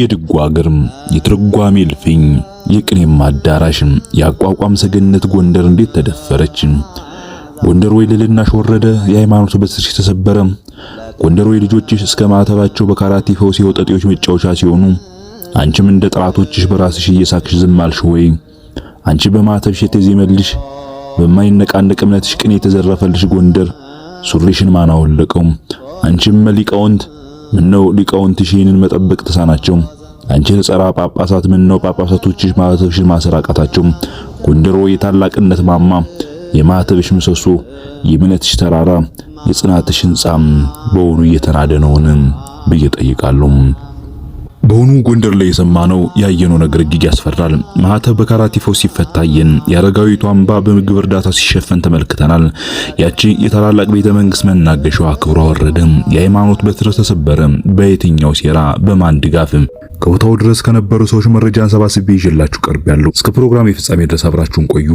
የድጓ አገርም የትርጓሜ እልፍኝ የቅኔም አዳራሽም የአቋቋም ሰገነት ጎንደር እንዴት ተደፈረች? ጎንደር ወይ ልዕልናሽ ወረደ፣ የሃይማኖት በትርሽ ተሰበረ። ጎንደር ወይ ልጆችሽ እስከ ማዕተባቸው በካራቲ ፈውስ የወጠጤዎች መጫወቻ ሲሆኑ፣ አንቺም እንደ ጠላቶችሽ በራስሽ እየሳክሽ ዝም አልሽ ወይ? አንቺ በማዕተብሽ የተዜመልሽ በማይነቃነቅ እምነትሽ ቅኔ የተዘረፈልሽ ጎንደር ሱሪሽን ማን አወለቀው? አንቺም መሊቃውንት ምነው ሊቃውንትሽ ይህንን መጠበቅ ተሳናቸው? አንቺን ጸራ ጳጳሳት ምነው ጳጳሳቶችሽ ማኅተብሽን ማሰር አቃታቸው? ጎንደሮ የታላቅነት ማማ፣ የማህተብሽ ምሰሶ፣ የእምነትሽ ተራራ፣ የጽናትሽ ሕንጻም በሆኑ እየተናደ ነውን ብዬ ጠይቃለሁ። በሆኑ ጎንደር ላይ የሰማነው ያየነው ነገር እጅግ ያስፈራል። ማህተብ በካራቲፎ ሲፈታየን የአረጋዊቱ አምባ በምግብ እርዳታ ሲሸፈን ተመልክተናል። ያቺ የታላላቅ ቤተ መንግስት መናገሻዋ ክብሯ ወረደ። የሃይማኖት በትረ ተሰበረ። በየትኛው ሴራ፣ በማን ድጋፍ? ከቦታው ድረስ ከነበሩ ሰዎች መረጃን ሰባስቤ ይዤላችሁ ቀርብ ያለው እስከ ፕሮግራም የፍጻሜ ድረስ አብራችሁን ቆዩ።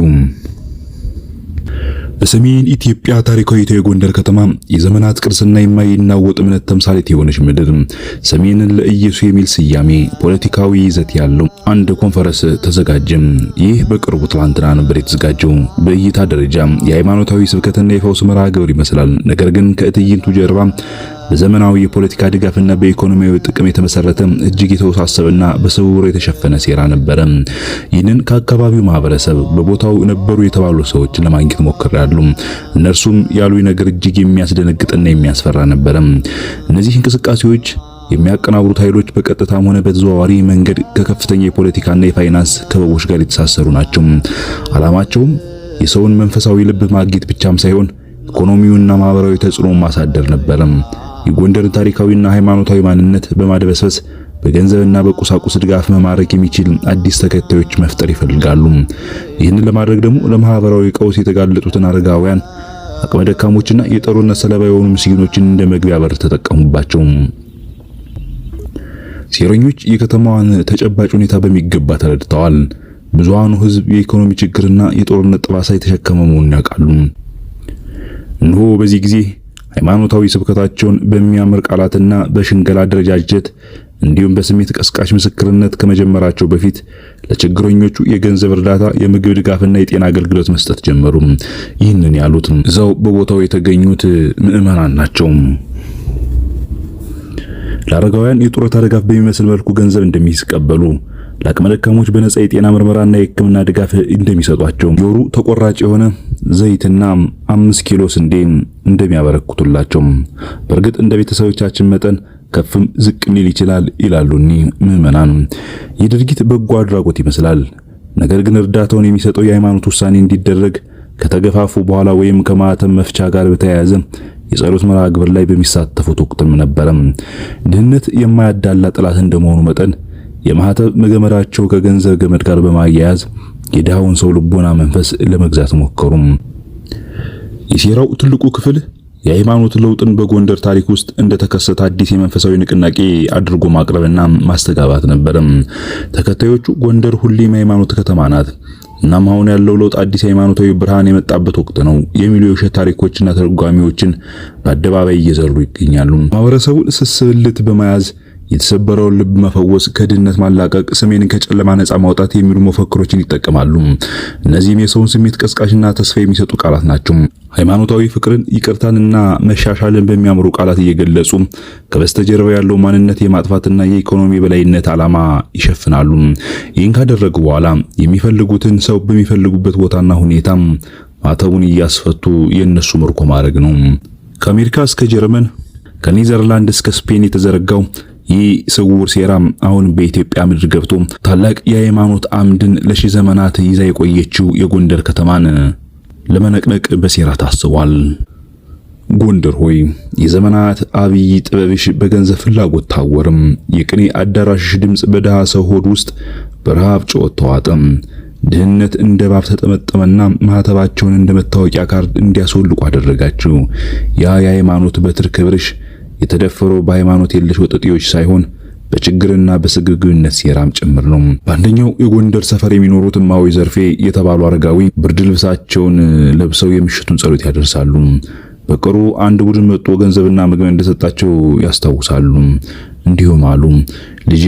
በሰሜን ኢትዮጵያ ታሪካዊቷ የጎንደር ከተማ የዘመናት ቅርስና የማይናወጥ እምነት ተምሳሌት የሆነች ምድር ሰሜንን ለኢየሱስ የሚል ስያሜ ፖለቲካዊ ይዘት ያለው አንድ ኮንፈረንስ ተዘጋጀ። ይህ በቅርቡ ትላንትና ነበር የተዘጋጀው። በእይታ ደረጃ የሃይማኖታዊ ስብከትና የፈውስ መርሃ ግብር ይመስላል። ነገር ግን ከትዕይንቱ ጀርባ በዘመናዊ የፖለቲካ ድጋፍና በኢኮኖሚያዊ ጥቅም የተመሰረተ እጅግ የተወሳሰበና በስውር የተሸፈነ ሴራ ነበረ። ይህንን ከአካባቢው ማህበረሰብ በቦታው ነበሩ የተባሉ ሰዎች ለማግኘት ሞክራሉ። እነርሱም ያሉ ነገር እጅግ የሚያስደነግጥና የሚያስፈራ ነበረ። እነዚህ እንቅስቃሴዎች የሚያቀናብሩት ኃይሎች በቀጥታም ሆነ በተዘዋዋሪ መንገድ ከከፍተኛ የፖለቲካና የፋይናንስ ክበቦች ጋር የተሳሰሩ ናቸው። ዓላማቸውም የሰውን መንፈሳዊ ልብ ማግኘት ብቻም ሳይሆን ኢኮኖሚውና ማህበራዊ ተጽዕኖ ማሳደር ነበረም። የጎንደርን ታሪካዊና ሃይማኖታዊ ማንነት በማድበስበስ በገንዘብና በቁሳቁስ ድጋፍ መማረክ የሚችል አዲስ ተከታዮች መፍጠር ይፈልጋሉ። ይህንን ለማድረግ ደግሞ ለማህበራዊ ቀውስ የተጋለጡትን አረጋውያን፣ አቅመ ደካሞችና የጦርነት ሰለባ የሆኑ ምስኪኖችን እንደ መግቢያ በር ተጠቀሙባቸው። ሴረኞች የከተማዋን ተጨባጭ ሁኔታ በሚገባ ተረድተዋል። ብዙሃኑ ህዝብ የኢኮኖሚ ችግርና የጦርነት ጠባሳ የተሸከመ መሆኑን ያውቃሉ። እንሆ በዚህ ጊዜ ሃይማኖታዊ ስብከታቸውን በሚያምር ቃላትና በሽንገላ አደረጃጀት እንዲሁም በስሜት ቀስቃሽ ምስክርነት ከመጀመራቸው በፊት ለችግረኞቹ የገንዘብ እርዳታ፣ የምግብ ድጋፍና የጤና አገልግሎት መስጠት ጀመሩ። ይህንን ያሉት እዛው በቦታው የተገኙት ምዕመናን ናቸው። ለአረጋውያን የጡረታ ድጋፍ በሚመስል መልኩ ገንዘብ እንደሚቀበሉ ለአቅመ ደካሞች በነጻ የጤና ምርመራና የሕክምና ድጋፍ እንደሚሰጧቸው የወሩ ተቆራጭ የሆነ ዘይትና አምስት ኪሎ ስንዴ እንደሚያበረክቱላቸው በእርግጥ እንደ ቤተሰቦቻችን መጠን ከፍም ዝቅ ሊል ይችላል ይላሉ እኒህ ምዕመናን። ይህ ድርጊት በጎ አድራጎት ይመስላል። ነገር ግን እርዳታውን የሚሰጠው የሃይማኖት ውሳኔ እንዲደረግ ከተገፋፉ በኋላ ወይም ከማህተም መፍቻ ጋር በተያያዘ የጸሎት መርሃ ግብር ላይ በሚሳተፉት ወቅትም ነበረም። ድህነት የማያዳላ ጥላት እንደመሆኑ መጠን የማህተብ መገመራቸው ከገንዘብ ገመድ ጋር በማያያዝ የድሃውን ሰው ልቦና መንፈስ ለመግዛት ሞከሩም። የሴራው ትልቁ ክፍል የሃይማኖት ለውጥን በጎንደር ታሪክ ውስጥ እንደተከሰተ አዲስ የመንፈሳዊ ንቅናቄ አድርጎ ማቅረብና ማስተጋባት ነበርም። ተከታዮቹ ጎንደር ሁሌም የሃይማኖት ከተማ ናት፣ እናም አሁን ያለው ለውጥ አዲስ ሃይማኖታዊ ብርሃን የመጣበት ወቅት ነው የሚሉ የውሸት ታሪኮችና ተርጓሚዎችን በአደባባይ እየዘሩ ይገኛሉ። ማህበረሰቡን ስስብልት በመያዝ የተሰበረውን ልብ መፈወስ፣ ከድህነት ማላቀቅ፣ ሰሜንን ከጨለማ ነጻ ማውጣት የሚሉ መፈክሮችን ይጠቀማሉ። እነዚህም የሰውን ስሜት ቀስቃሽና ተስፋ የሚሰጡ ቃላት ናቸው። ሃይማኖታዊ ፍቅርን፣ ይቅርታንና መሻሻልን በሚያምሩ ቃላት እየገለጹ ከበስተጀርባ ያለው ማንነት የማጥፋትና የኢኮኖሚ የበላይነት ዓላማ ይሸፍናሉ። ይህን ካደረጉ በኋላ የሚፈልጉትን ሰው በሚፈልጉበት ቦታና ሁኔታ ማተቡን እያስፈቱ የእነሱ ምርኮ ማድረግ ነው። ከአሜሪካ እስከ ጀርመን ከኔዘርላንድ እስከ ስፔን የተዘረጋው ይህ ስውር ሴራ አሁን በኢትዮጵያ ምድር ገብቶ ታላቅ የሃይማኖት አምድን ለሺ ዘመናት ይዛ የቆየችው የጎንደር ከተማን ለመነቅነቅ በሴራ ታስቧል። ጎንደር ሆይ የዘመናት አብይ ጥበብሽ በገንዘብ ፍላጎት ታወርም። የቅኔ አዳራሽሽ ድምፅ በድሃ ሰው ሆድ ውስጥ በረሃብ ጮት ተዋጠም። ድህነት እንደ ባብ ተጠመጠመና ማህተባቸውን እንደ መታወቂያ ካርድ እንዲያስወልቁ አደረጋችሁ። ያ የሃይማኖት በትር ክብርሽ የተደፈረው በሃይማኖት የለሽ ወጠጤዎች ሳይሆን በችግርና በስግብግብነት ሴራም ጭምር ነው። በአንደኛው የጎንደር ሰፈር የሚኖሩት እማዊ ዘርፌ የተባሉ አረጋዊ ብርድ ልብሳቸውን ለብሰው የምሽቱን ጸሎት ያደርሳሉ። በቅሩ አንድ ቡድን መጥቶ ገንዘብና ምግብ እንደሰጣቸው ያስታውሳሉ። እንዲሁም አሉ፣ ልጄ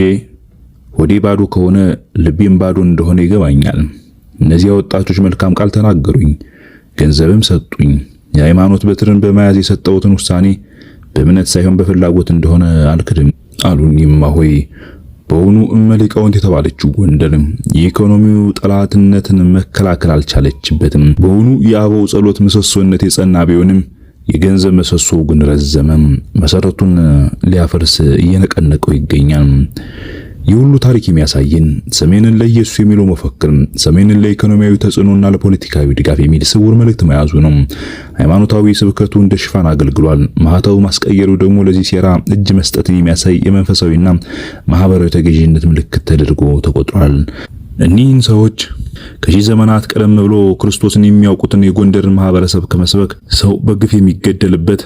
ሆዴ ባዶ ከሆነ ልቤም ባዶ እንደሆነ ይገባኛል። እነዚያ ወጣቶች መልካም ቃል ተናገሩኝ፣ ገንዘብም ሰጡኝ። የሃይማኖት በትርን በመያዝ የሰጠሁትን ውሳኔ በእምነት ሳይሆን በፍላጎት እንደሆነ አልክድም አሉን ይማሆይ በውኑ እመ የተባለችው ጎንደር የኢኮኖሚው ጠላትነትን መከላከል አልቻለችበትም። በውኑ የአበው ጸሎት ምሰሶነት የጸና ቢሆንም የገንዘብ ምሰሶ ግን ረዘመም፣ መሰረቱን ሊያፈርስ እየነቀነቀው ይገኛል። ይህ ሁሉ ታሪክ የሚያሳየን ሰሜንን ለኢየሱስ የሚለው መፈክር ሰሜንን ለኢኮኖሚያዊ ተጽዕኖና ለፖለቲካዊ ድጋፍ የሚል ስውር መልእክት መያዙ ነው። ሃይማኖታዊ ስብከቱ እንደ ሽፋን አገልግሏል። ማህተው ማስቀየሩ ደግሞ ለዚህ ሴራ እጅ መስጠትን የሚያሳይ የመንፈሳዊና ማህበራዊ ተገዥነት ምልክት ተደርጎ ተቆጥሯል። እኒህን ሰዎች ከሺህ ዘመናት ቀደም ብሎ ክርስቶስን የሚያውቁትን የጎንደርን ማህበረሰብ ከመስበክ ሰው በግፍ የሚገደልበት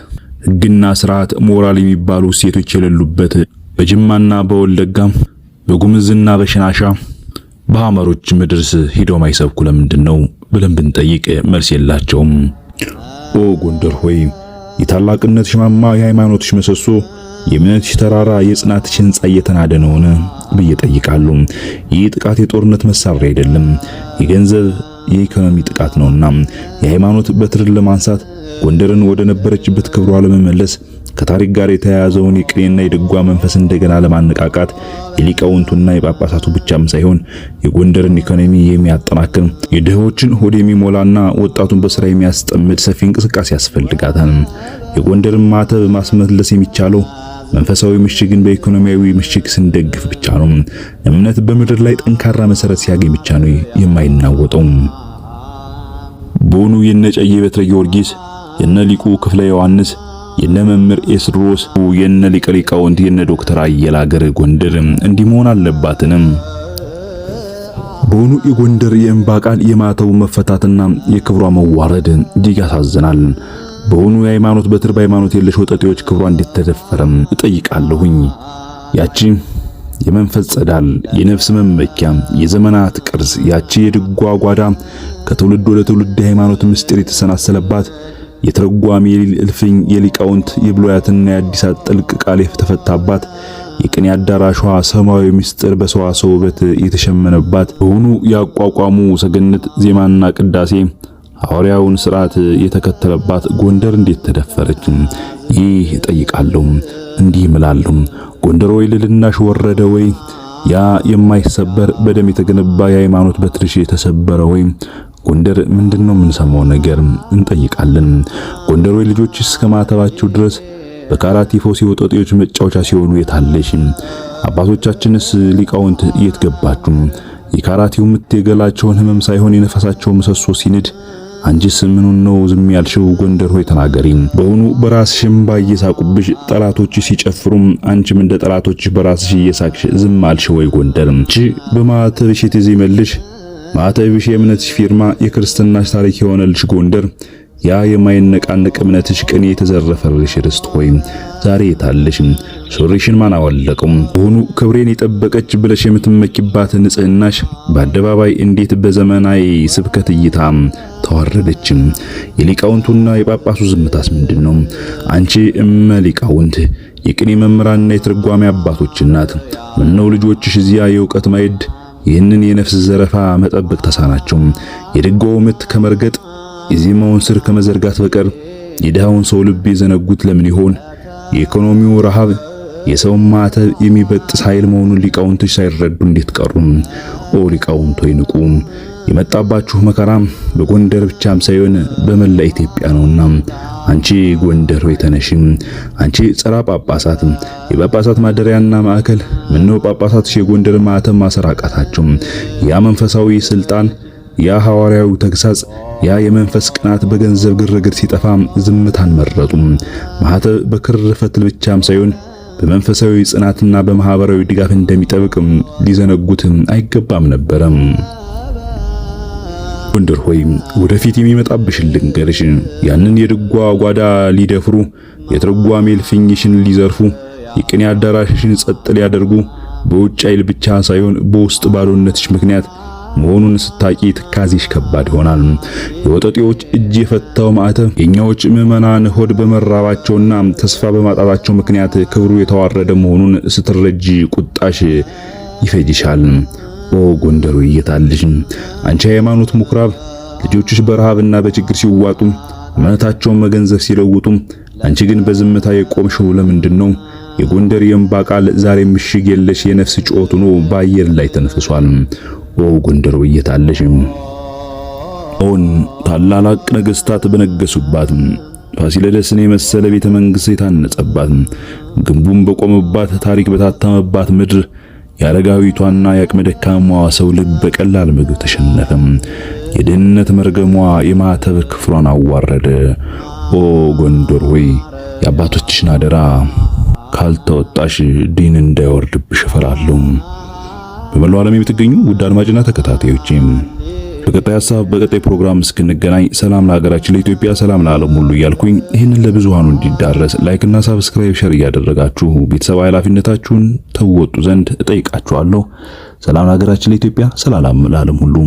ሕግና ስርዓት ሞራል የሚባሉ እሴቶች የሌሉበት በጅማና በወለጋም በጉምዝና በሽናሻ በሐመሮች ምድርስ ሂዶ ማይሰብኩ ለምንድን ነው ብለን ብንጠይቅ መልስ የላቸውም። ኦ ጎንደር ሆይ የታላቅነት ሽማማ የሃይማኖትሽ ምሰሶ፣ የእምነትሽ ተራራ፣ የጽናትሽ ሕንጻ እየተናደ ነውን ብዬ ጠይቃሉ ይህ ጥቃት የጦርነት መሳሪያ አይደለም፣ የገንዘብ የኢኮኖሚ ጥቃት ነውና የሃይማኖት በትርን ለማንሳት ጎንደርን ወደ ነበረችበት ክብሯ ለመመለስ ከታሪክ ጋር የተያያዘውን የቅኔና የድጓ መንፈስ እንደገና ለማነቃቃት የሊቃውንቱና የጳጳሳቱ ብቻም ሳይሆን የጎንደርን ኢኮኖሚ የሚያጠናክር የድሆችን ሆድ የሚሞላና ወጣቱን በስራ የሚያስጠምድ ሰፊ እንቅስቃሴ ያስፈልጋታል። የጎንደርን ማተብ ማስመለስ የሚቻለው መንፈሳዊ ምሽግን በኢኮኖሚያዊ ምሽግ ስንደግፍ ብቻ ነው። እምነት በምድር ላይ ጠንካራ መሰረት ሲያገኝ ብቻ ነው የማይናወጠው። በውኑ የነ እጨጌ በትረ ጊዮርጊስ የነ ሊቁ ክፍለ ዮሐንስ የነመምህር ኤስድሮስ የነ ሊቀ ሊቃውንት የነ ዶክተር አየለ አገረ ጎንደር እንዲህ መሆን አለባትንም። በሆኑ የጎንደር የእምባ ቃል የማተቡ መፈታትና የክብሯ መዋረድ እጅግ ያሳዝናል። በሆኑ የሃይማኖት በትር በሃይማኖት የለሽ ወጠጤዎች ክብሯ እንድትደፈረም እጠይቃለሁኝ። ያቺ የመንፈስ ጸዳል የነፍስ መመኪያ የዘመናት ቅርስ ያቺ የድጓ ጓዳ ከትውልድ ወደ ትውልድ የሃይማኖት ምስጢር የተሰናሰለባት የትርጓሜ እልፍኝ የሊቃውንት የብሉያትና የአዲሳት ጥልቅ ቃል የተፈታባት የቅኔ አዳራሿ ሰማያዊ ምስጢር በሰዋሰው ውበት የተሸመነባት በሆኑ ያቋቋሙ ሰገነት ዜማና ቅዳሴ ሐዋርያውን ስርዓት የተከተለባት ጎንደር እንዴት ተደፈረች? ይህ እጠይቃለሁ፣ እንዲህ ምላለሁ ጎንደር ወይ ልልናሽ ወረደ ወይ ያ የማይሰበር በደም የተገነባ የሃይማኖት በትርሽ የተሰበረ ወይ ጎንደር ምንድነው የምንሰማው ነገር እንጠይቃለን። ጎንደር ወይ ልጆች እስከ ማተባቸው ድረስ በካራቲፎ ሲወጠጤዎች መጫወቻ ሲሆኑ የታለሽ? አባቶቻችንስ ሊቃውንት የት ገባችሁ? የካራቲው ምት የገላቸውን ህመም ሳይሆን የነፈሳቸው ምሰሶ ሲንድ አንቺስ ምኑን ነው ዝም ያልሽው? ጎንደር ሆይ ተናገሪ። በእውኑ በራስሽ እምባ እየሳቁብሽ ጠላቶችሽ ሲጨፍሩም አንቺም እንደ ጠላቶችሽ በራስሽ እየሳቅሽ ዝም አልሽ ወይ? ጎንደር እቺ በማተብሽ የተዜመልሽ ማዕተብሽ የእምነትሽ ፊርማ የክርስትናሽ ታሪክ የሆነልሽ ጎንደር፣ ያ የማይነቃነቅ እምነትሽ ቅኔ የተዘረፈልሽ ርስት ሆይ ዛሬ የታለሽ? ሱሪሽን ማን አወለቀም? በሆኑ ክብሬን የጠበቀች ብለሽ የምትመኪባት ንጽህናሽ በአደባባይ እንዴት በዘመናዊ ስብከት እይታ ተዋረደች የሊቃውንቱና የጳጳሱ ዝምታስ ምንድን ነው? አንቺ እመ ሊቃውንት የቅኔ መምህራንና የትርጓሜ አባቶች እናት ምነው ልጆችሽ እዚያ የእውቀት ማዕድ ይህንን የነፍስ ዘረፋ መጠበቅ ተሳናቸው። የድጋው ምት ከመርገጥ የዜማውን ስር ከመዘርጋት በቀር የድሃውን ሰው ልብ የዘነጉት ለምን ይሆን? የኢኮኖሚው ረሃብ የሰውን ማተብ የሚበጥስ ኃይል መሆኑን ሊቃውንቶች ሳይረዱ እንዴት ቀሩ? ኦ ሊቃውንቶይ ንቁም! የመጣባችሁ መከራም በጎንደር ብቻም ሳይሆን በመላ ኢትዮጵያ ነውና አንቺ ጎንደር ሆይ ተነሺ። አንቺ ጸራ ጳጳሳት የጳጳሳት ማደሪያና ማዕከል ምነው ጳጳሳት የጎንደር ማዕተም ማሰራቃታቸው ያ መንፈሳዊ ስልጣን ያ ሐዋርያዊ ተግሳጽ ያ የመንፈስ ቅናት በገንዘብ ግርግር ሲጠፋ ዝምታን መረጡ ማህተብ በክር ፈትል ብቻም ሳይሆን በመንፈሳዊ ጽናትና በማህበራዊ ድጋፍ እንደሚጠብቅም ሊዘነጉት አይገባም ነበረም። ጎንደር ሆይ ወደፊት የሚመጣብሽን ልንገርሽ። ያንን የድጓ ጓዳ ሊደፍሩ የትርጓሜ እልፍኝሽን ሊዘርፉ የቅኔ አዳራሽሽን ጸጥ ሊያደርጉ በውጭ ኃይል ብቻ ሳይሆን በውስጥ ባዶነትሽ ምክንያት መሆኑን ስታቂ ትካዜሽ ከባድ ይሆናል። የወጠጤዎች እጅ የፈታው ማዕተብ የኛዎች ምዕመናን ሆድ በመራባቸውና ተስፋ በማጣታቸው ምክንያት ክብሩ የተዋረደ መሆኑን ስትረጂ ቁጣሽ ይፈጅሻል። ኦ ጎንደር ሆይ አንቺ ሃይማኖት ምኩራብ ልጆችሽ በረሃብና በችግር ሲዋጡ እምነታቸውን መገንዘብ ሲለውጡ፣ አንቺ ግን በዝምታ የቆምሽው ለምንድን ነው? የጎንደር የእምባ ቃል ዛሬ ምሽግ የለሽ የነፍስ ጩኸት ሆኖ በአየር ላይ ተነፍሷል። ኦ ጎንደር ሆይ ኦን ታላላቅ ነገስታት በነገሱባት ፋሲለደስን የመሰለ ቤተ መንግሥት የታነጸባት ግንቡም በቆመባት ታሪክ በታተመባት ምድር የአረጋዊቷና የአቅመ ሰው ልብ በቀላል ምግብ ተሸነፈም። የድህነት መርገሟ የማተብ ክፍሏን አዋረደ። ኦ ጎንደር ሆይ የአባቶችሽን አደራ ካልተወጣሽ ዲን እንዳይወርድብሽ እፈራለሁ። በመላው ዓለም የምትገኙ ውድ አድማጭና ተከታታዮቼም በቀጣይ ሀሳብ በቀጣይ ፕሮግራም እስክንገናኝ ሰላም ለሀገራችን ለኢትዮጵያ፣ ሰላም ለዓለም ሁሉ እያልኩኝ ይህንን ለብዙሃኑ እንዲዳረስ እና ሳብስክራይብ ሸር እያደረጋችሁ ቤተሰብ ኃላፊነታችሁን ተወጡ ዘንድ እጠይቃችኋለሁ። ሰላም ለሀገራችን ለኢትዮጵያ፣ ሰላም ለዓለም ሁሉ